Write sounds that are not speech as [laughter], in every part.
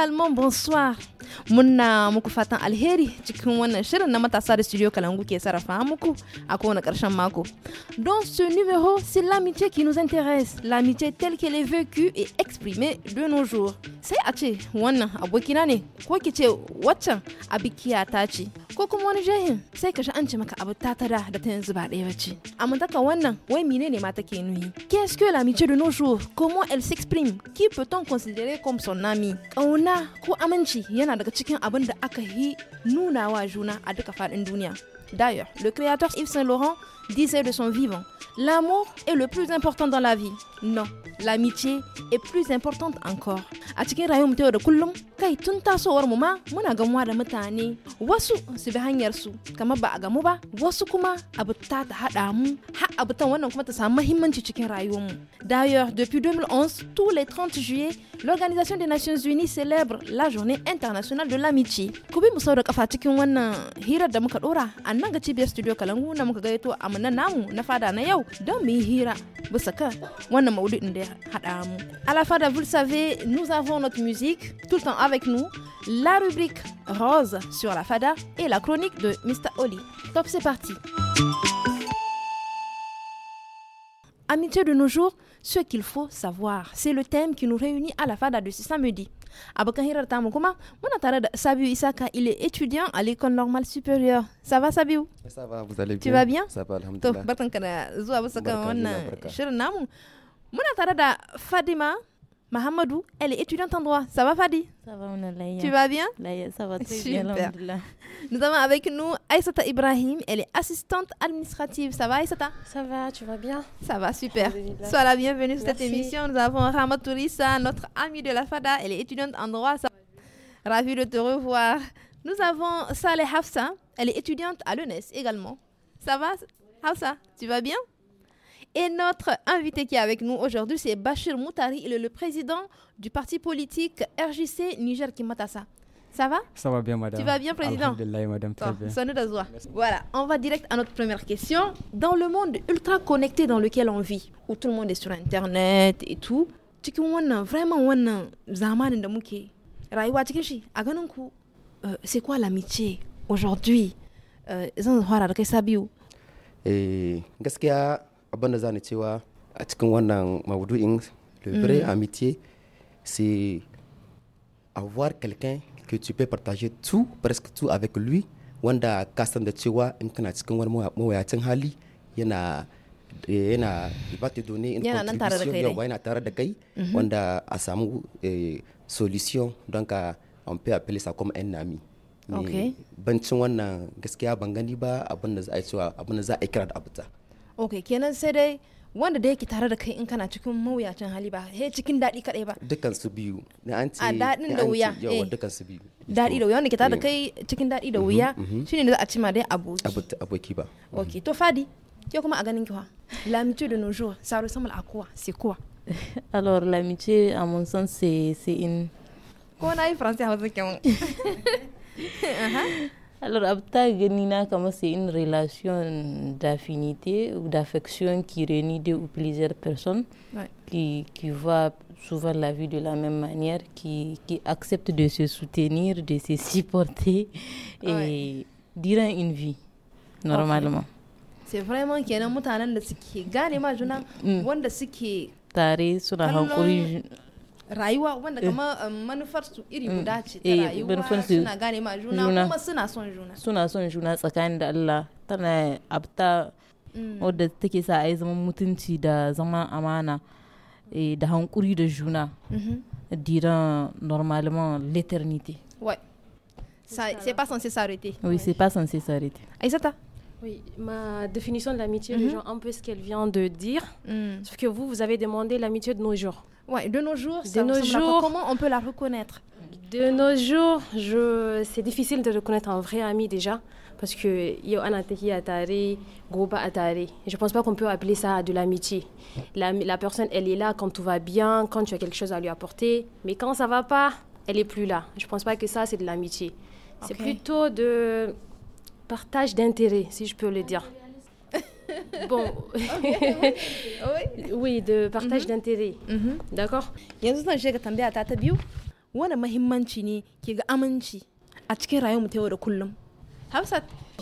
Totalement bonsoir muna muku fatan alheri cikin wannan shirin na matasa da studio kalangu ke sarrafa muku a kowane ƙarshen mako don ce numéro c'est l'amitié qui nous intéresse l'amitié telle qu'elle est vécue et exprimée de nos jours sai a ce wannan abokina ne ko ki ce waccan abikiya ta ce ko kuma wani jahin sai ka an ce maka abu ta tada da ta yanzu ba ɗaya bace amma taka wannan wai menene ma take nuyi qu'est-ce que l'amitié de nos jours comment elle s'exprime qui peut-on considérer comme son ami kauna ko aminci yana daga aka juna a duka D'ailleurs, le créateur Yves Saint Laurent disait de son vivant L'amour est le plus important dans la vie. Non, l'amitié est plus importante encore kai tun tasowar mu ma muna gamuwa da mutane wasu su bi hanyar su kamar ba a gamu ba wasu kuma abu ta ta hada mu har abu ta wannan kuma ta samu muhimmanci cikin rayuwar mu d'ailleurs depuis 2011 tous les 30 juillet l'organisation des Nations Unies célèbre la journée internationale de l'amitié ku bi mu sau da kafa cikin wannan hirar da muka dora a nan ga cibiyar studio kalangu na muka gaito a nan namu na fada na yau don mu yi hira bisa kan wannan maudu'in da ya hada mu a la fada vous savez nous avons notre musique tout le temps avec nous la rubrique rose sur la fada et la chronique de Mr. Oli. Top, c'est parti. Amitié de nos jours, ce qu'il faut savoir, c'est le thème qui nous réunit à la fada de ce samedi. Abokan Tamukuma, mon Sabiu Isaka, il est étudiant à l'école normale supérieure. Ça va Sabiu Ça va, vous allez bien Tu vas bien Ça va, Top, Mahamadou, elle est étudiante en droit. Ça va, Fadi Ça va, on est Tu vas bien Ça va très Super. bien, Nous avons avec nous Aïsata Ibrahim. Elle est assistante administrative. Ça va, Aïsata Ça va, tu vas bien Ça va, super. Sois la bienvenue sur cette émission. Nous avons Ramatourissa, notre amie de la FADA. Elle est étudiante en droit. Ça... Ravie de te revoir. Nous avons Saleh Hafsa. Elle est étudiante à l'UNES également. Ça va, Hafsa Tu vas bien et notre invité qui est avec nous aujourd'hui, c'est Bachir Moutari. Il est le président du parti politique RJC Niger Kimatasa. Ça va Ça va bien, madame. Tu vas bien, président madame, très bien. Voilà, on va direct à notre première question. Dans le monde ultra connecté dans lequel on vit, où tout le monde est sur Internet et tout, tu vraiment euh, c'est quoi l'amitié aujourd'hui euh, Et a? abin da za ni cewa a cikin wannan maudu'in le mm. vrai amitié c'est avoir quelqu'un que tu peux partager tout presque tout avec lui wanda ka da cewa in kana cikin wani mawayacin hali yana yana ba ta doni in yana tare da kai mm-hmm. wanda a samu eh, solution don ka on peut appeler ça comme un ami bancin wannan gaskiya ban gani ba abin da za a yi cewa abin da za a yi kira da abuta ok kenan sai dai wanda da yake tare da kai in kana cikin mawuyacin hali ba he cikin daɗi kaɗai ba dukkan su biyu na an ce daɗin da wuya eh. dukkan su biyu daɗi da wuya wanda ke tare da kai cikin daɗi da mhm, wuya mhm. shine da za a ci ma dai aboki aboki ba ok mhm. to fadi ke kuma a ganin kiwa lamici de nojo saro samal akuwa à kuwa alor quoi a mun san mon sens in ko na yi faransa hausa kenan [laughs] [laughs] uh-huh. Alors, Abta comment c'est une relation d'affinité ou d'affection qui réunit deux ou plusieurs personnes qui, qui voient souvent la vie de la même manière, qui, qui acceptent de se soutenir, de se supporter et ouais. une vie, normalement. C'est vraiment qu'il y a de ce qui est gagné, mm. qui rayuwa wanda eh. kama um, manufarsu iri mm. guda ce ta eh, rayuwa suna gane ma juna kuma suna son juna suna son juna tsakanin da Allah tana abta mm. wadda take sa a zaman mutunci da zaman amana eh, da hankuri da juna mm-hmm. diran normalement l'éternité ouais ça c'est pas censé s'arrêter oui c'est pas censé s'arrêter Aïsata oui, ma définition de l'amitié mm -hmm. rejoint un peu ce qu'elle vient de dire. Mm. Sauf que vous, vous avez demandé l'amitié de nos jours de nos jours, comment on peut la reconnaître De nos jours, je... c'est difficile de reconnaître un vrai ami déjà parce que je ne pense pas qu'on peut appeler ça de l'amitié. La, personne, elle est là quand tout va bien, quand tu as quelque chose à lui apporter, mais quand ça va pas, elle est plus là. Je ne pense pas que ça, c'est de l'amitié. C'est plutôt de partage d'intérêt, si je peux le dire. Bon. Oh, oui, de partage mhm. d'intérêts. Mhm. D'accord ne aminci a cikin da kullum?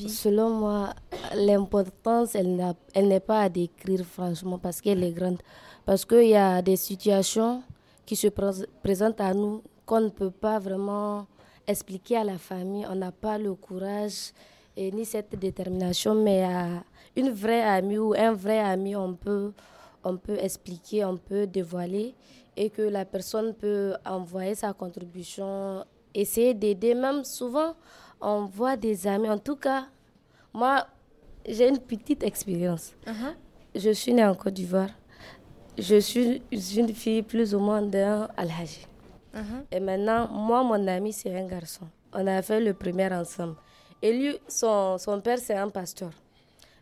Selon moi, l'importance, elle n'est pas à décrire franchement parce qu'elle est grande. Parce qu'il y a des situations qui se présentent à nous qu'on ne peut pas vraiment expliquer à la famille. On n'a pas le courage et ni cette détermination, mais à une vraie amie ou un vrai ami, on peut, on peut expliquer, on peut dévoiler et que la personne peut envoyer sa contribution, essayer d'aider. Même souvent, on voit des amis. En tout cas, moi, j'ai une petite expérience. Uh-huh. Je suis née en Côte d'Ivoire. Je suis une fille plus ou moins d'un âge. Uh-huh. Et maintenant, moi, mon ami, c'est un garçon. On a fait le premier ensemble. Et lui, son, son père, c'est un pasteur.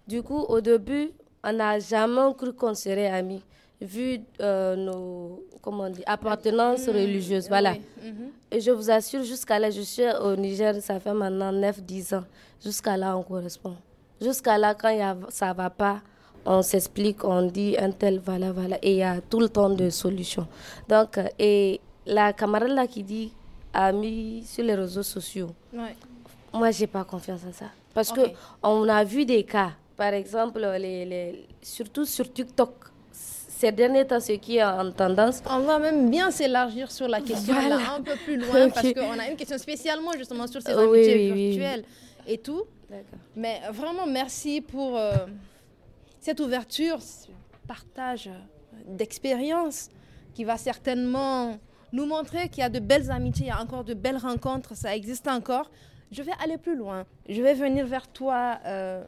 Du coup, au début, on n'a jamais cru qu'on serait amis, vu euh, nos comment appartenances mm, religieuses. Voilà. Mm-hmm. Et je vous assure, jusqu'à là, je suis au Niger, ça fait maintenant 9-10 ans. Jusqu'à là, on correspond. Jusqu'à là, quand ça ne va pas, on s'explique, on dit un tel, voilà, voilà. Et il y a tout le temps de solutions. Donc, et la camarade là qui dit ami sur les réseaux sociaux. Moi, j'ai pas confiance en ça. Parce qu'on que on a vu des cas, par exemple, les, surtout sur TikTok. Ces derniers temps, ce qui est en tendance. On va même bien s'élargir sur la question là, un peu plus loin, [laughs] parce qu'on a une question spécialement justement sur ces amitiés virtuelles et tout. Mais vraiment, merci pour euh, cette ouverture, ce partage d'expérience qui va certainement nous montrer qu'il y a de belles amitiés, il y a encore de belles rencontres, ça existe encore je vais aller plus loin, je vais venir vers toi, euh,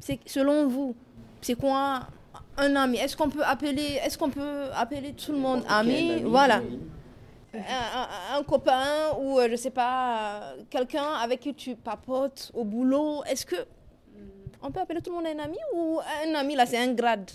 C'est selon vous, c'est quoi un ami Est-ce qu'on peut appeler, est-ce qu'on peut appeler tout le monde ami, Voilà. Un, copain ou euh, je sais pas euh, quelqu'un avec qui tu papotes au boulot. Est-ce que on peut appeler tout le monde un ami ou un ami là c'est un grade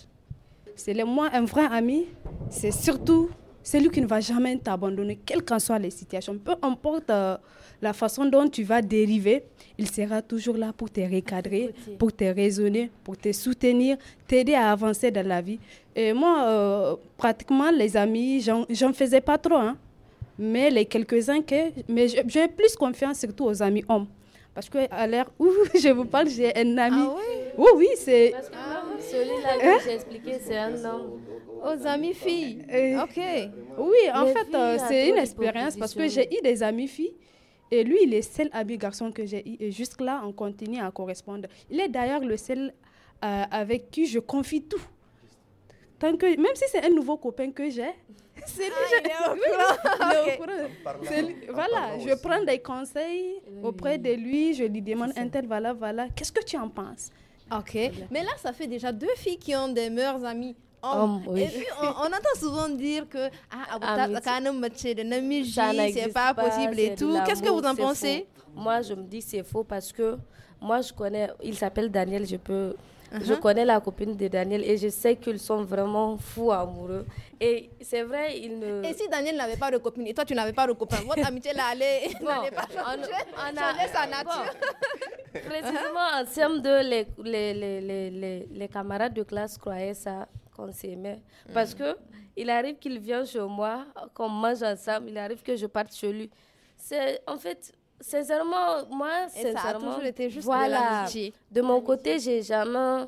C'est le moi un vrai ami, c'est surtout c'est lui qui ne va jamais t'abandonner, quelles qu'en soient les situations. Peu importe euh, la façon dont tu vas dériver, il sera toujours là pour te recadrer, pour te raisonner, pour te soutenir, t'aider à avancer dans la vie. Et moi, euh, pratiquement, les amis, j'en faisais pas trop. Hein. Mais les quelques-uns que. Mais j'ai plus confiance surtout aux amis hommes. Parce que à l'heure où [laughs] je vous parle, j'ai un ami. Ah oui? Oui, oui, c'est. Parce que celui-là que hein? j'ai expliqué, c'est un homme. Aux amis filles. ok. Oui, en fait, euh, c'est une expérience parce que j'ai eu des amis filles. Et lui, il est seul ami garçon que j'ai eu. Et jusque-là, on continue à correspondre. Il est d'ailleurs le seul euh, avec qui je confie tout. Tant que, même si c'est un nouveau copain que j'ai, [laughs] c'est lui, ah, je, Voilà, je prends des conseils auprès de lui, je lui demande un tel, voilà, voilà, qu'est-ce que tu en penses Ok, mais là, ça fait déjà deux filles qui ont des meilleurs amis. Et puis, on, entend souvent dire que ah, ah, ah c'est pas, possible et tout. Qu'est-ce que vous en pensez Moi, je me dis c'est faux parce que moi, je connais, il s'appelle Daniel, je peux. Uh-huh. Je connais la copine de Daniel et je sais qu'ils sont vraiment fous amoureux. Et c'est vrai, ils ne. Et si Daniel n'avait pas de copine et toi tu n'avais pas de copain, votre amitié là allait, pas on, on sa nature. précisément en termes de les, les, les, les, camarades de classe croyaient ça qu'on mm. Parce que il arrive qu'il vienne chez moi, qu'on mange ensemble, il arrive que je parte chez lui. C'est, en fait, sincèrement, moi, sincèrement, ça a toujours été juste voilà, de, de mon côté, j'ai jamais...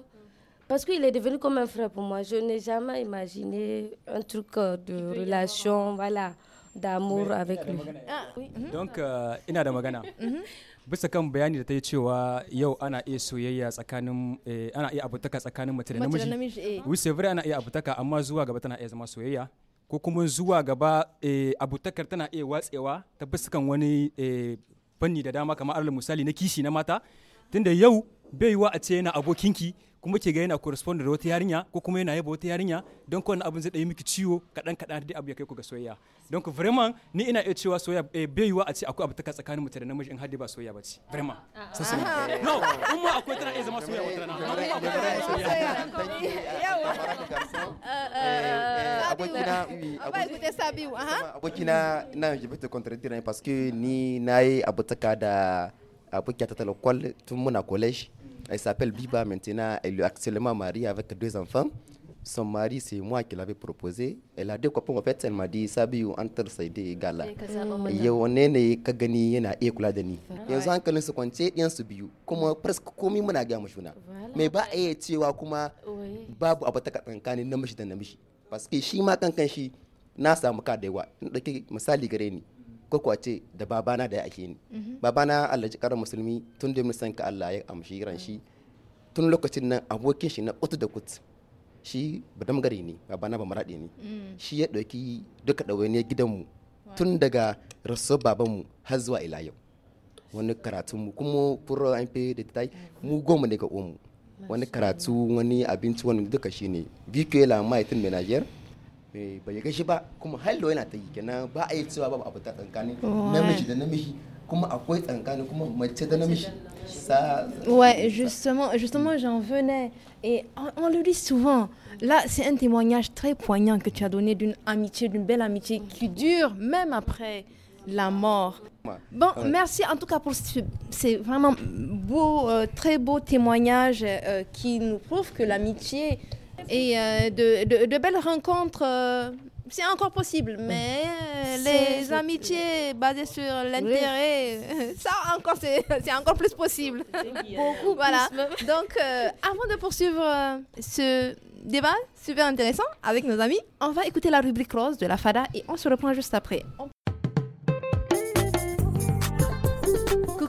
Parce qu'il est devenu comme un frère pour moi. Je n'ai jamais imaginé un truc euh, de relation, voilà, d'amour avec lui. Ah, Donc, euh, Damagana. Mm-hmm. bisa kan bayani da ta yi cewa yau ana iya soyayya tsakanin eh, ana iya abutaka tsakanin mace da namiji wisevri eh. ana iya abutaka amma zuwa gaba tana iya zama soyayya ko kuma zuwa gaba eh, abutakar tana iya watsewa ta bisa kan wani fanni da dama kamar alal misali na kishi na mata tunda yau bai wa a ce yana abokinki kuma ke ga yana correspond da wata yarinya ko kuma yana yaba wata yarinya don kowane abin zai ɗaya miki ciwo kaɗan kaɗan dai abu ya kai ku ga soyayya don ku vraiment ni ina iya cewa soyayya eh, bai yiwuwa a ce akwai abu ta tsakanin mutane da namiji in har ba soyayya ba ce vraiment sosai ne no in ma akwai tana iya zama soyayya wata rana amma kuma akwai tana soyayya yawa abokina abokina na yi bata contradictory parce que ni nayi abu taka da abokiyata talakwal tun muna college Elle s'appelle Biba maintenant. Elle est actuellement mariée avec deux enfants. Son mari, c'est moi qui l'avais proposé. Elle a deux copains. En fait, elle m'a dit Sabiu, entre a Kagani, Yanzu su kwance su biyu kuma presque komai muna Mais Elle eh, a kuma babu Parce que si ma kankan na samu ka ni. ko kuwa ce da babana da ya ake ni mhm. babana Allah ji karar musulmi tun da san ka Allah ya amshi ran shi mhm. tun lokacin nan abokin shi na kutu da kut shi badam gari ne babana ba maraɗi ne mm. shi ya ɗauki duka ɗawainiyar gidanmu tun daga rasu babanmu har zuwa ila yau wani mu kuma furo an fi da ta mu goma ne ga omu wani karatu wani abinci wani duka shi ne vpl a maitin menajer Oui, eh, Ouais, justement, justement j'en venais. Et on, le lit souvent. Là, c'est un témoignage très poignant que tu as donné d'une amitié, d'une belle amitié qui dure même après la mort. Bon, merci en tout cas pour c'est vraiment beau, euh, très beau témoignage euh, qui nous prouve que l'amitié et euh, de, de, belles rencontres. Euh, c'est encore possible, mais euh, les amitiés basées sur l'intérêt, [laughs] ça encore, c'est encore plus possible. [laughs] Beaucoup, voilà. Donc, avant de poursuivre ce débat super intéressant avec nos amis, on va écouter la rubrique rose de la FADA et on se reprend juste après.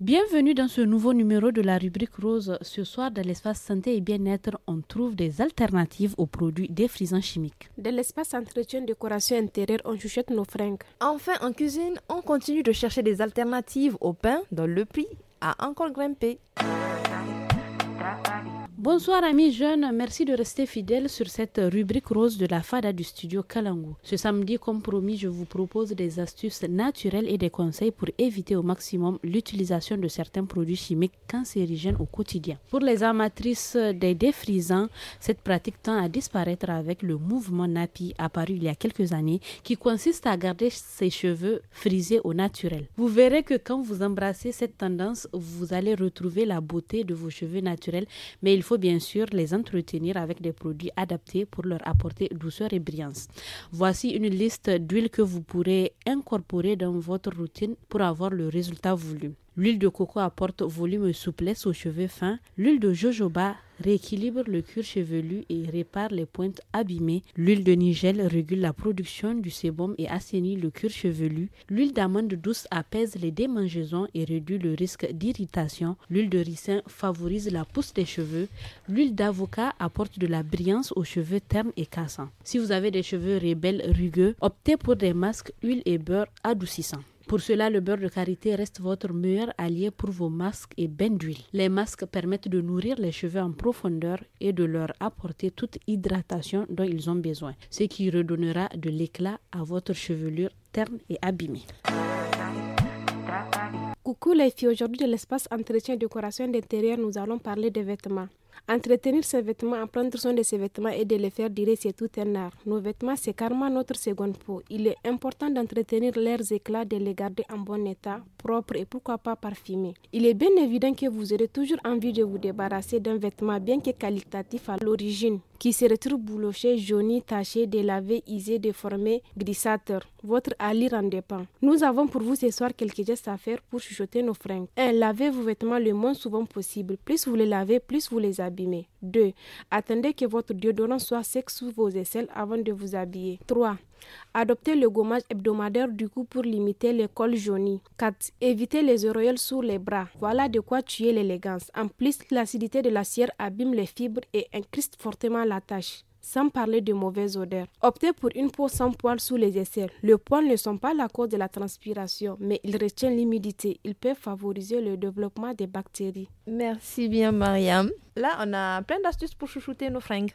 Bienvenue dans ce nouveau numéro de la rubrique rose. Ce soir, dans l'espace santé et bien-être, on trouve des alternatives aux produits défrisants chimiques. Dans l'espace entretien décoration intérieure, on chuchote nos fringues. Enfin, en cuisine, on continue de chercher des alternatives au pain dont le prix a encore grimpé. Bonsoir amis jeunes, merci de rester fidèles sur cette rubrique rose de la Fada du studio Kalangu. Ce samedi, comme promis, je vous propose des astuces naturelles et des conseils pour éviter au maximum l'utilisation de certains produits chimiques cancérigènes au quotidien. Pour les amatrices des défrisants, cette pratique tend à disparaître avec le mouvement Napi apparu il y a quelques années qui consiste à garder ses cheveux frisés au naturel. Vous verrez que quand vous embrassez cette tendance, vous allez retrouver la beauté de vos cheveux naturels, mais il faut bien sûr les entretenir avec des produits adaptés pour leur apporter douceur et brillance. Voici une liste d'huiles que vous pourrez incorporer dans votre routine pour avoir le résultat voulu. L'huile de coco apporte volume et souplesse aux cheveux fins. L'huile de jojoba rééquilibre le cuir chevelu et répare les pointes abîmées. L'huile de Nigel régule la production du sébum et assainit le cuir chevelu. L'huile d'amande douce apaise les démangeaisons et réduit le risque d'irritation. L'huile de ricin favorise la pousse des cheveux. L'huile d'avocat apporte de la brillance aux cheveux ternes et cassants. Si vous avez des cheveux rebelles rugueux, optez pour des masques, huile et beurre adoucissants. Pour cela, le beurre de karité reste votre meilleur allié pour vos masques et bains d'huile. Les masques permettent de nourrir les cheveux en profondeur et de leur apporter toute hydratation dont ils ont besoin, ce qui redonnera de l'éclat à votre chevelure terne et abîmée. Coucou les filles, aujourd'hui de l'espace entretien et décoration d'intérieur, nous allons parler des vêtements. Entretenir ses vêtements, prendre soin de ses vêtements et de les faire durer, c'est tout un art. Nos vêtements, c'est carrément notre seconde peau. Il est important d'entretenir leurs éclats, de les garder en bon état, propre et pourquoi pas parfumé. Il est bien évident que vous aurez toujours envie de vous débarrasser d'un vêtement bien que qualitatif à l'origine qui se retrouvent boulochés, jaunis, tachés, délavés, isés, déformés, glissateurs. Votre allure en dépend. Nous avons pour vous ce soir quelques gestes à faire pour chuchoter nos fringues. 1. Lavez vos vêtements le moins souvent possible. Plus vous les lavez, plus vous les abîmez. 2. Attendez que votre déodorant soit sec sous vos aisselles avant de vous habiller. 3. Adoptez le gommage hebdomadaire du cou pour limiter les cols jaunis. 4. Évitez les auréoles sur les bras. Voilà de quoi tuer l'élégance. En plus, l'acidité de la cire abîme les fibres et incruste fortement la tache sans parler de mauvaise odeur. Optez pour une peau sans poils sous les aisselles. Les poils ne sont pas la cause de la transpiration, mais ils retiennent l'humidité. Ils peuvent favoriser le développement des bactéries. Merci bien, Mariam. Là, on a plein d'astuces pour chouchouter nos fringues.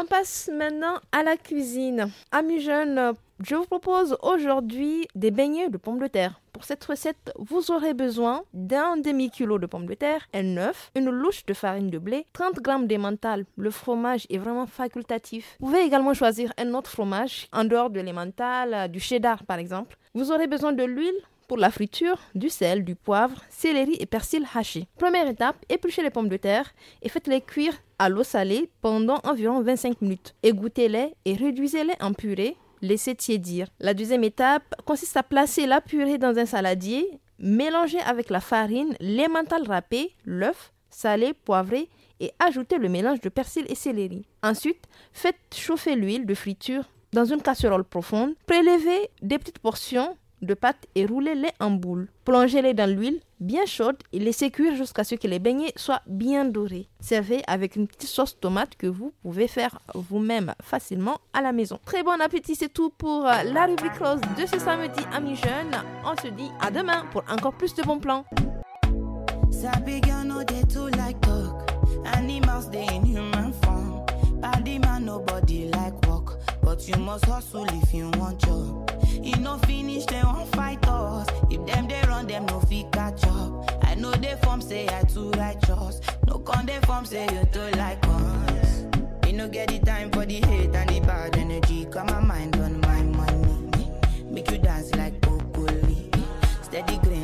On passe maintenant à la cuisine. Amis jeunes, je vous propose aujourd'hui des beignets de pommes de terre. Pour cette recette, vous aurez besoin d'un demi-kilo de pommes de terre, un œuf, une louche de farine de blé, 30 g d'emmental. Le fromage est vraiment facultatif. Vous pouvez également choisir un autre fromage en dehors de l'emmental, euh, du cheddar par exemple. Vous aurez besoin de l'huile, pour la friture, du sel, du poivre, céleri et persil haché. Première étape, épluchez les pommes de terre et faites-les cuire à l'eau salée pendant environ 25 minutes. Égouttez-les et réduisez-les en purée. Laissez tiédir. La deuxième étape consiste à placer la purée dans un saladier, mélanger avec la farine, l'emmental râpé, l'œuf, salé, poivré et ajouter le mélange de persil et céleri. Ensuite, faites chauffer l'huile de friture dans une casserole profonde. Prélevez des petites portions de pâte et roulez-les en boule. Plongez-les dans l'huile bien chaude et laissez cuire jusqu'à ce que les beignets soient bien dorés. Servez avec une petite sauce tomate que vous pouvez faire vous-même facilement à la maison. Très bon appétit, c'est tout pour euh, la rubrique de ce samedi, mi-jeune. On se dit à demain pour encore plus de bons plans. But you must hustle if you want job. You no finish, they won't fight us. If them they run, them no fit catch up. I know they form say I too righteous. No con they form say you too like us. You no get the time for the hate and the bad energy. Got my mind on my money. Make you dance like broccoli. Steady green.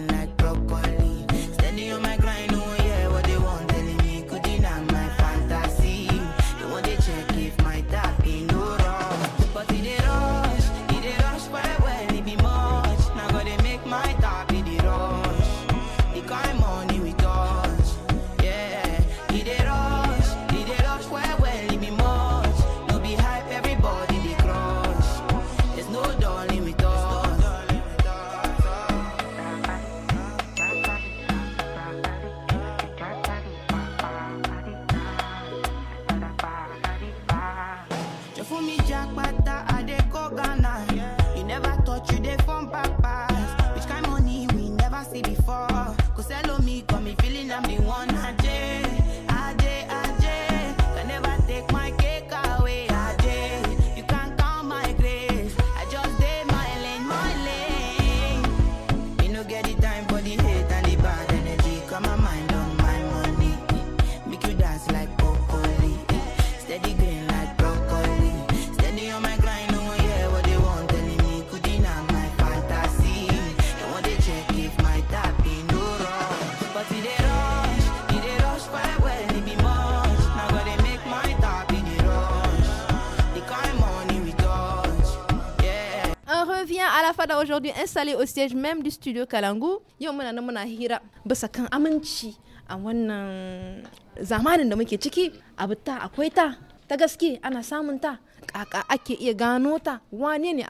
fada aujourd'hui installé au siège même du studio Kalangu. yo muna nan hira basa kan aminci a wannan zamanin da muke ciki abu ta akwai ta ta gaske ana samun ta kaka ake iya gano ta wane ne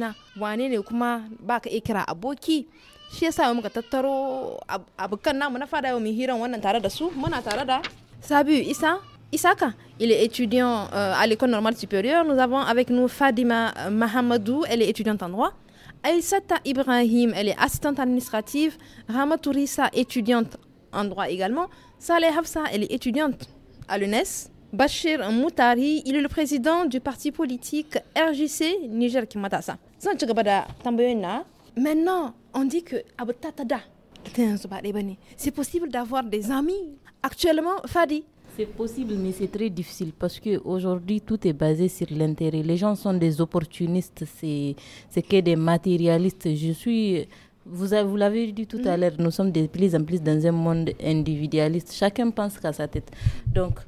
na wane ne kuma baka iya kira aboki shi yasa yau muka tattaro abukan namu na fada yau mu hiran wannan tare da su muna tare da Sabiu Isa Isaka, il est étudiant euh, à l'école normale supérieure. Nous avons avec nous Fadima euh, Mahamadou, elle est étudiante en droit. Aïsata Ibrahim, elle est assistante administrative. Ramatourissa, étudiante en droit également. Saleh Hafsa, elle est étudiante à l'UNES. Bachir Moutari, il est le président du parti politique RJC Niger Kimatasa. Maintenant, on dit que c'est possible d'avoir des amis. Actuellement, Fadi, c'est possible, mais c'est très difficile parce que aujourd'hui tout est basé sur l'intérêt. Les gens sont des opportunistes, c'est que des matérialistes. Je suis vous, avez, vous l'avez dit tout à mm. l'heure, nous sommes de plus en plus dans un monde individualiste. Chacun pense qu'à sa tête. Donc,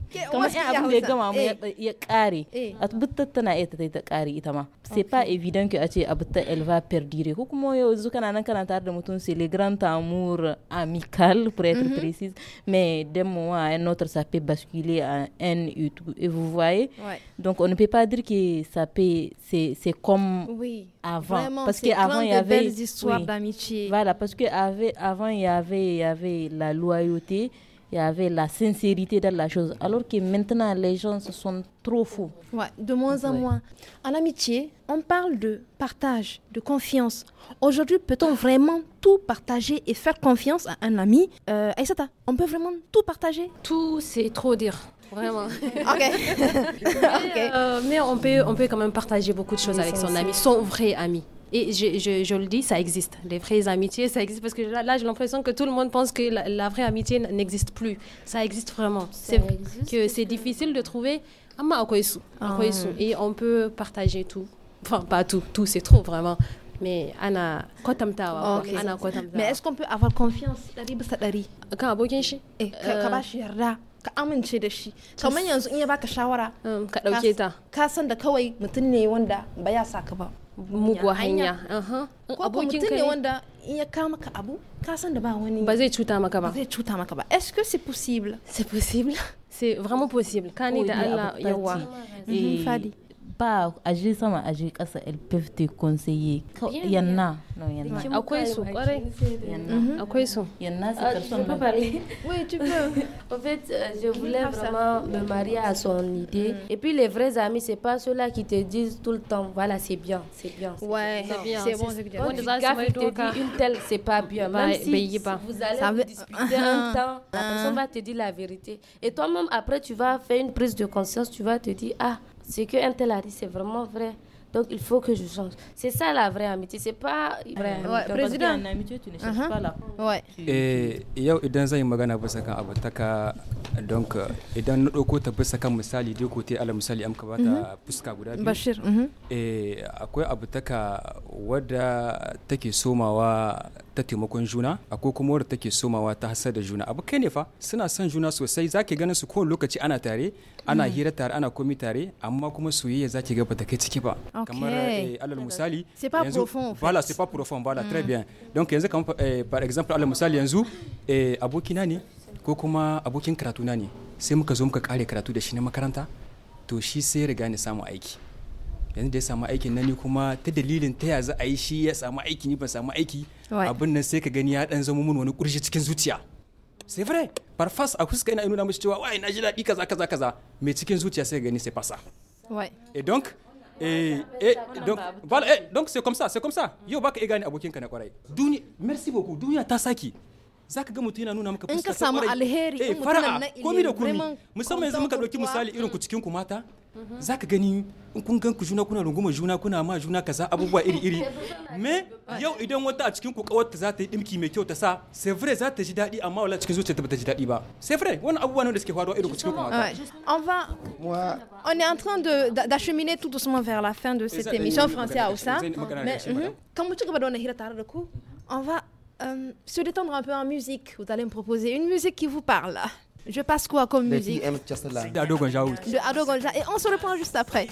c'est pas évident que elle va perdurer. C'est le grand amour amical, pour être mm-hmm. précise. Mais d'un moment à un autre, ça peut basculer en haine et Et vous voyez Donc, on ne peut pas dire que ça peut. C'est comme avant. Vraiment, Parce qu'avant, il y avait. des histoires oui. d'amitié voilà, parce qu'avant, il, y avait, il y avait la loyauté, il y avait la sincérité dans la chose. Alors que maintenant, les gens se sont trop faux. Ouais, de moins en moins. En amitié, on parle de partage, de confiance. Aujourd'hui, peut-on vraiment tout partager et faire confiance à un ami euh, Aïsata, on peut vraiment tout partager Tout, c'est trop dire. Vraiment. [laughs] ok. [laughs] mais, euh, mais on, peut, on peut quand même partager beaucoup de choses avec son ami, son vrai ami. Et je, je, je, le dis, ça existe. Les vraies amitiés, ça existe. Parce que là, là j'ai l'impression que tout le monde pense que la, vraie amitié n'existe plus. Ça existe vraiment. C'est que c'est difficile de trouver. Ah. Et on peut partager tout. Enfin, pas tout. Tout, c'est trop vraiment. mais ana kwatantawa okay. ana kwatantawa mais est-ce qu'on peut avoir confiance dari bisa dari kan abokin shi eh ka euh, ba shi yarda ka amince da shi kamar yanzu in ya baka shawara um, ka dauke ta ka san da kawai mutum ne wanda ba ya saka ba muguwa hanya ko mutum ne wanda in ya kama maka abu ka san da ba wani ba zai cuta maka ba zai cuta maka ba est-ce que c'est possible c'est possible c'est vraiment possible kani da Allah yawa fadi mhm, Agir a ça elles a te conseiller yanna no mhm. quoi ils sont Il y en a, c'est ah, peux parler [laughs] oui tu peux en fait euh, je voulais vraiment me marier à son idée mhm. et puis les vrais amis c'est pas ceux-là qui te disent tout le temps voilà c'est bien c'est bien ouais c'est bien c'est bon c'est bien quand tu te dis une telle c'est pas bien même si vous allez discuter un [laughs] temps la personne va te dire la vérité et toi-même après tu vas faire une prise de conscience tu vas te dire ah ce que tel a dit, c'est vraiment vrai. Donc il faut que je change. C'est ça la vraie amitié, c'est pas vrai. président, amitié tu ne cherches uh -huh. pas là. Ouais. Eh yau idan magana abu donc idan euh, na dauko ta bisa kan misali dai kote ala musali am ka bata fuska mm-hmm. guda biyu. Bashir. Mm-hmm. Eh akwai abataka wada wadda take somawa ta taimakon juna akwai kuma wadda take somawa ta hasar da juna abu kai ne fa suna son juna sosai zaki ganin su kowane lokaci ana tare ana mm. hira tare ana komi tare amma kuma soyayya za ki ga bata kai ciki ba kamar eh, alal misali yanzu pas profond voilà c'est pas profond voilà très mm. bien donc yanzu kamar eh, par exemple alal misali yanzu eh, na ne ko kuma abokin karatu na ne sai muka zo muka kare karatu da shi na makaranta to shi sai riga ni samu aiki yanzu da ya samu aikin nan ni kuma ta dalilin ta ya za a yi shi ya samu aiki ni ban samu aiki abin nan sai ka gani ya dan zama mun wani kurshi cikin zuciya c'est vrai par face a fuska ina nuna musu cewa wai na ji daɗi kaza kaza kaza mai cikin zuciya sai gani c'est pas ça ouais et donc et, eh, et eh, donc voilà et eh, donc c'est comme ça c'est comme ça yau baka iya gane abokinka na kwarai duniya merci beaucoup duniya ta saki zaka ga mutuna nuna maka fuska ta samu alheri eh fara'a komai da komai musamman yanzu muka dauki misali irin ku mm. cikin ku mata mm-hmm. zaka gani in kun gan ku juna kuna runguma juna kuna ma juna kaza abubuwa iri iri me yau idan wata a cikin ku kawarta za ta yi dimki mai kyau ta sa sevre za ta ji dadi amma wala cikin zuciya ta bata ji dadi ba sevre wannan abubuwa ne da suke faruwa irin ku cikin ku mata on va on est en train de d'acheminer tout doucement vers la fin de cette émission française à Oussa mais kan mu ci gaba da wannan hira tare da ku on va euh, se détendre un peu en musique. Vous allez me proposer une musique qui vous parle. Je passe quoi comme musique De De Gonja. Et on se reprend juste après.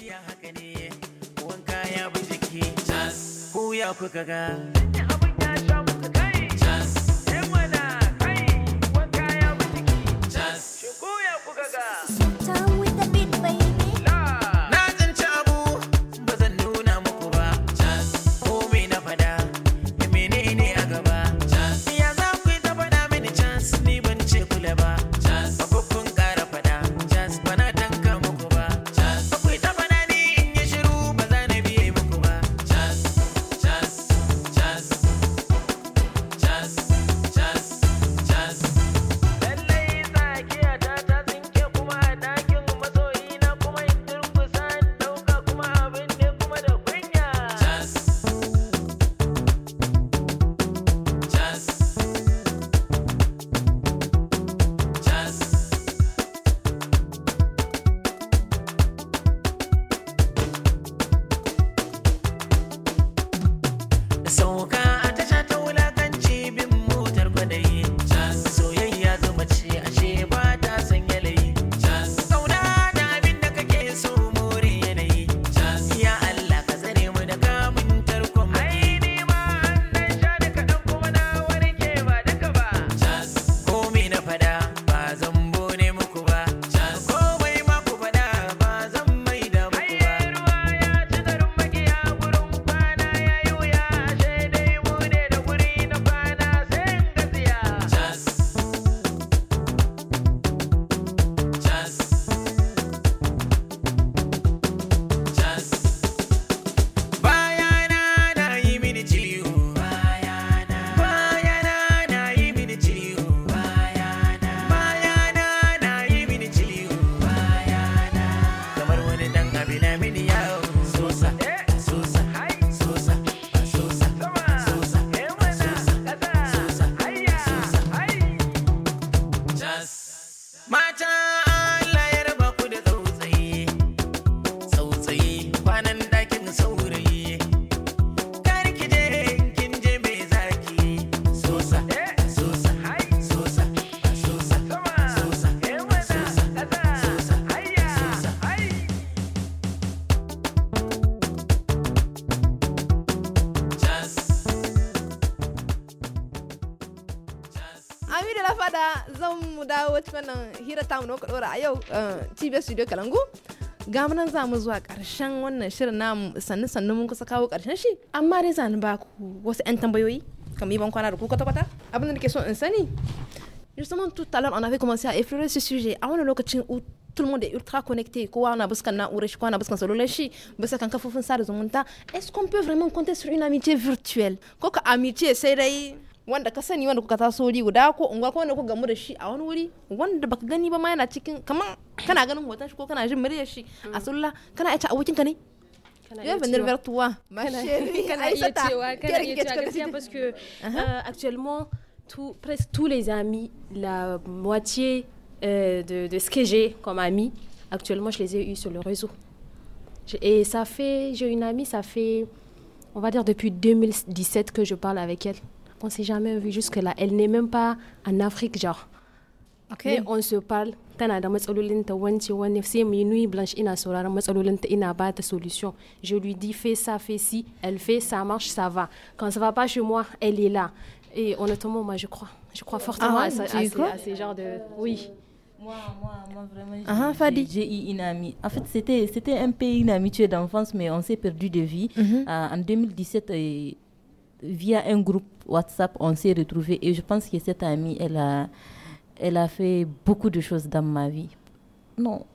nan mai zaki Ami da na zan mu dawo cikin wannan hira tamu na kuɗora a yau cibiyar eh, studio Kalangu. ga gamunan za mu zuwa ƙarshen wannan shirin namu sannu sannu mun kusa kawo ƙarshen shi amma dai za ni ba ku wasu 'yan tambayoyi kamar ban kwana da ku kwata-kwata abin da nake so in sani Justement, tout à l'heure, on avait commencé à effleurer ce sujet. a wannan lokacin où tout le monde est ultra connecté, kowa na buskan na'urar shi, kowa na buskan salular shi, bisa kan kafofin sada zumunta, est-ce qu'on peut vraiment compter sur une amitié virtuelle? Ko ka amitié sai dai wanda ka sani wanda kuka taso wuri guda ko unguwa ko wanda kuka gamu da shi a wani wuri wanda baka gani ba ma yana cikin kaman kana ganin hoton shi ko kana jin muryar shi a mm. sulla kana aice abokin ka ne Je vais venir vers toi, ma chérie. Parce que uh, actuellement, tout, presque tous les amis, la moitié euh, de, de, ce que j'ai comme amis, actuellement, je les ai eus sur le réseau. Je, et ça fait, j'ai une amie, ça fait, on va dire, depuis 2017 que je parle avec elle. On s'est jamais vu jusque-là. Elle n'est même pas en Afrique, genre. Ok. Mais on se parle. Tana da matsalolinta wance wani sai mu nuit blanche ina sauraron matsalolinta ina ba solution. Je lui dis fais ça, fais ci, elle fait ça marche, ça va. Quand ça va pas chez moi, elle est là. Et honnêtement, moi je crois, je crois fortement ah, à, à, à, ces, à, ces genres de oui. Moi, moi, moi, vraiment, ah, j'ai eu une amie. En fait, c'était, c'était un pays une d'enfance, mais on s'est perdu de vie. Mhm. Euh, en 2017, via un groupe WhatsApp, on s'est retrouvés et je pense que cette amie, elle a, elle a fait beaucoup de choses dans ma vie. Non.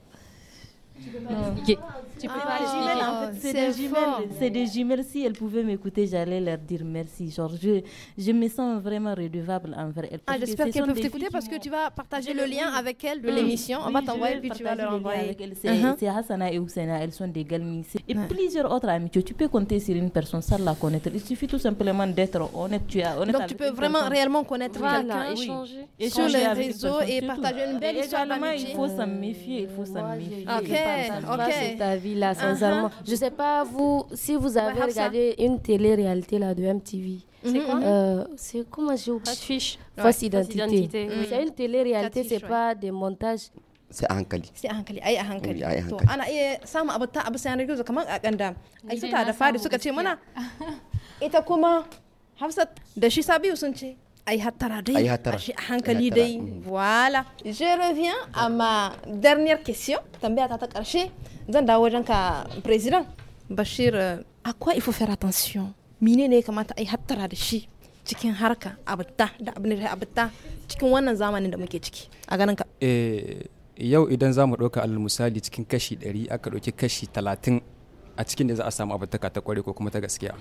Tu non. Tu peux pas C'est des jumelles. C'est des jumelles. Si elles pouvaient m'écouter, j'allais leur dire merci. Genre, je, je me sens vraiment redevable envers elles. Ah, J'espère qu'elles peuvent t'écouter parce que tu vas partager le lien avec elles de mm. l'émission. On va t'envoyer puis tu vas leur envoyer. Uh-huh. C'est Hassana et Ousena, Elles sont des galmis. Et plusieurs autres amitiés. Tu peux compter sur une personne sans la connaître. Il suffit tout simplement d'être honnête. Tu as honnête. Donc tu peux vraiment réellement connaître quelqu'un. Échanger. Sur les réseaux et partager une belle histoire. Il faut s'en méfier. Il faut s'en méfier. Ok, ok vie-là, sincèrement. Uh-huh. Je sais pas, vous, si vous avez regardé une télé-réalité là, de MTV. C'est mm-hmm. quoi euh, C'est comment Fiche. Fausse identité. Mm. C'est une télé-réalité, c'est pas des montages. c'est en hankali c'est en hankali hankali to ana eh, ta ah, un sai Mm. Voilà. Je reviens à ma dernière question. président. Bachir, euh, à quoi il faut faire attention eh, yau idan za mu ɗauka alal misali cikin kashi 100 aka ɗauki kashi 30 a cikin da za a samu abin ta kware ko kuma ta gaskiya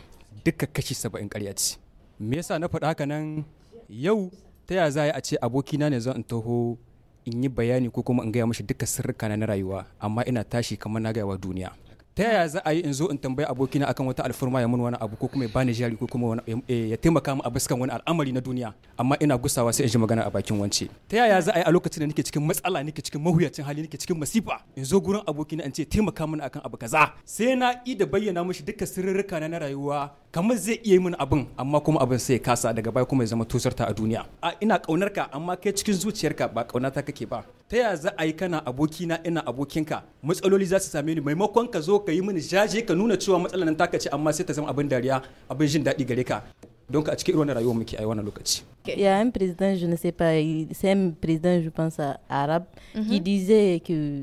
duka kashi 70 ƙarya ce me yasa na faɗa haka nan yau ta ya za a ce abokina ne zan taho in yi bayani ko kuma in gaya mashi duka sirrika na rayuwa amma ina tashi kamar na gaya wa duniya ta yaya za a yi in zo in tambayi abokina akan wata alfurma ya mun wani abu ko kuma ya bani jari ko kuma eh, ya taimaka mu a biskan wani al'amari na duniya amma ina gusawa sai in ji magana a bakin wance ta yaya za a yi a lokacin da nake cikin matsala nake cikin mahuyacin hali nake cikin masifa in zo gurin abokina in ce taimaka mana akan abu kaza sai na i da bayyana mishi duka sirrika na rayuwa kamar zai iya min abin amma kuma abin sai ya kasa daga baya kuma ya zama tusarta a duniya a ina kaunar ka amma kai cikin zuciyarka ba kauna ta kake ba ta yaya za a yi kana abokina ina abokinka matsaloli za su same ni maimakon ka zo il y a un président je ne sais pas c'est un président je pense arabe qui mhm. disait que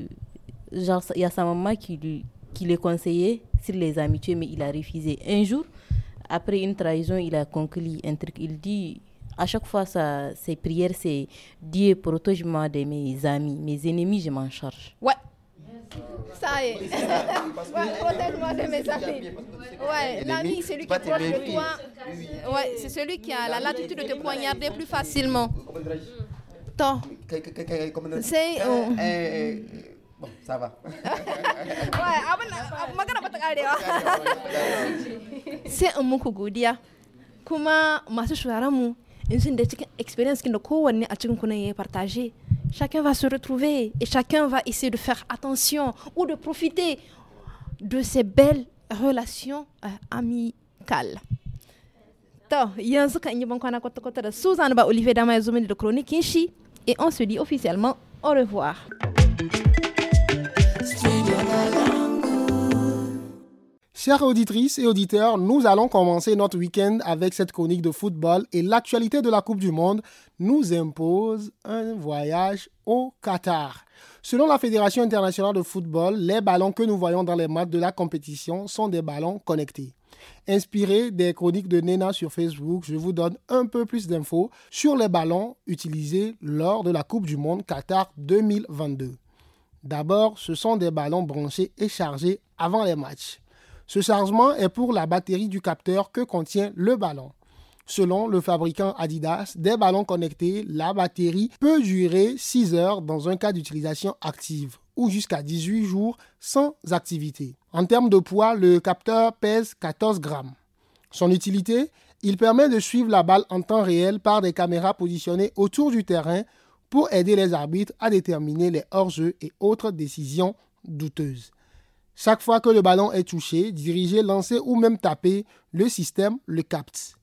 genre il y a sa maman qui qui le conseillait sur les amitiés mais il a refusé un jour après une trahison il a conclu un truc il dit à chaque fois sa, ses prières c'est Dieu protège-moi de mes amis mes ennemis je m'en charge ouais ça y est. Protège-moi de l'ami, c'est celui qui de c'est celui qui a la latitude de te poignarder plus facilement. C'est. Bon, ça va. c'est un mot godiya Comment ma soeur a une experience de a chacun va se retrouver et chacun va essayer de faire attention ou de profiter de ces belles relations euh, Chronique amicales. Et on se dit officiellement au revoir. Chers auditrices et auditeurs, nous allons commencer notre week-end avec cette chronique de football et l'actualité de la Coupe du Monde nous impose un voyage au Qatar. Selon la Fédération internationale de football, les ballons que nous voyons dans les matchs de la compétition sont des ballons connectés. Inspiré des chroniques de Nena sur Facebook, je vous donne un peu plus d'infos sur les ballons utilisés lors de la Coupe du Monde Qatar 2022. D'abord, ce sont des ballons branchés et chargés avant les matchs. Ce chargement est pour la batterie du capteur que contient le ballon. Selon le fabricant Adidas, des ballons connectés, la batterie peut durer 6 heures dans un cas d'utilisation active ou jusqu'à 18 jours sans activité. En termes de poids, le capteur pèse 14 grammes. Son utilité Il permet de suivre la balle en temps réel par des caméras positionnées autour du terrain pour aider les arbitres à déterminer les hors-jeux et autres décisions douteuses. Chaque fois que le ballon est touché, dirigé, lancé ou même tapé, le système le capte.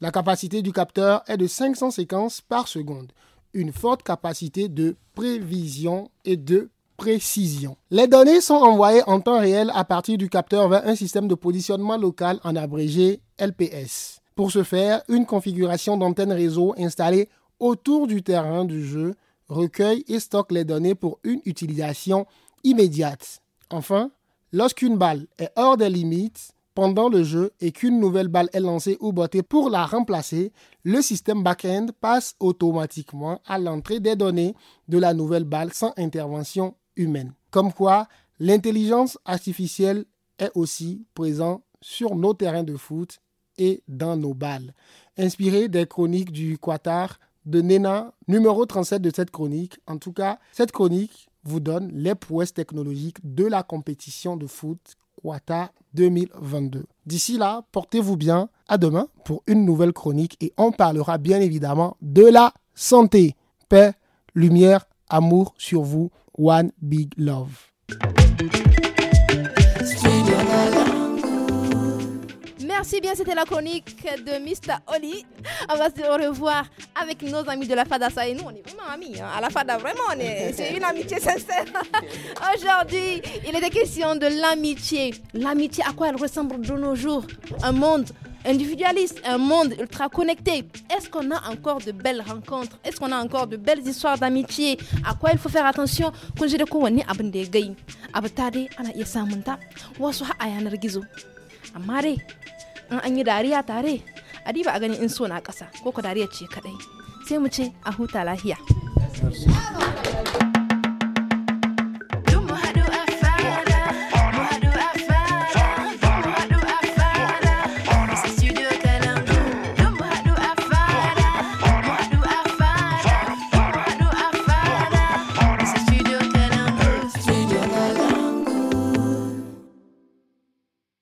La capacité du capteur est de 500 séquences par seconde, une forte capacité de prévision et de précision. Les données sont envoyées en temps réel à partir du capteur vers un système de positionnement local en abrégé LPS. Pour ce faire, une configuration d'antenne réseau installée autour du terrain du jeu recueille et stocke les données pour une utilisation immédiate. Enfin, Lorsqu'une balle est hors des limites pendant le jeu et qu'une nouvelle balle est lancée ou bottée pour la remplacer, le système back-end passe automatiquement à l'entrée des données de la nouvelle balle sans intervention humaine. Comme quoi, l'intelligence artificielle est aussi présente sur nos terrains de foot et dans nos balles. Inspiré des chroniques du Quatar de Nena, numéro 37 de cette chronique. En tout cas, cette chronique vous donne les prouesses technologiques de la compétition de foot Quata 2022. D'ici là, portez-vous bien. À demain pour une nouvelle chronique et on parlera bien évidemment de la santé. Paix, lumière, amour sur vous. One big love. Merci bien, c'était la chronique de Mr. Oli. On va se revoir avec nos amis de la FADA. Ça et nous, on est vraiment amis. Hein. À la FADA, vraiment, c'est une amitié sincère. [laughs] Aujourd'hui, il était question de l'amitié. L'amitié, à quoi elle ressemble de nos jours Un monde individualiste, un monde ultra connecté. Est-ce qu'on a encore de belles rencontres Est-ce qu'on a encore de belles histoires d'amitié À quoi il faut faire attention Quand je kowane ana in an yi dariya tare a diba a gani in so na ƙasa ko ku dariya ce kaɗai sai mu ce a huta lahiya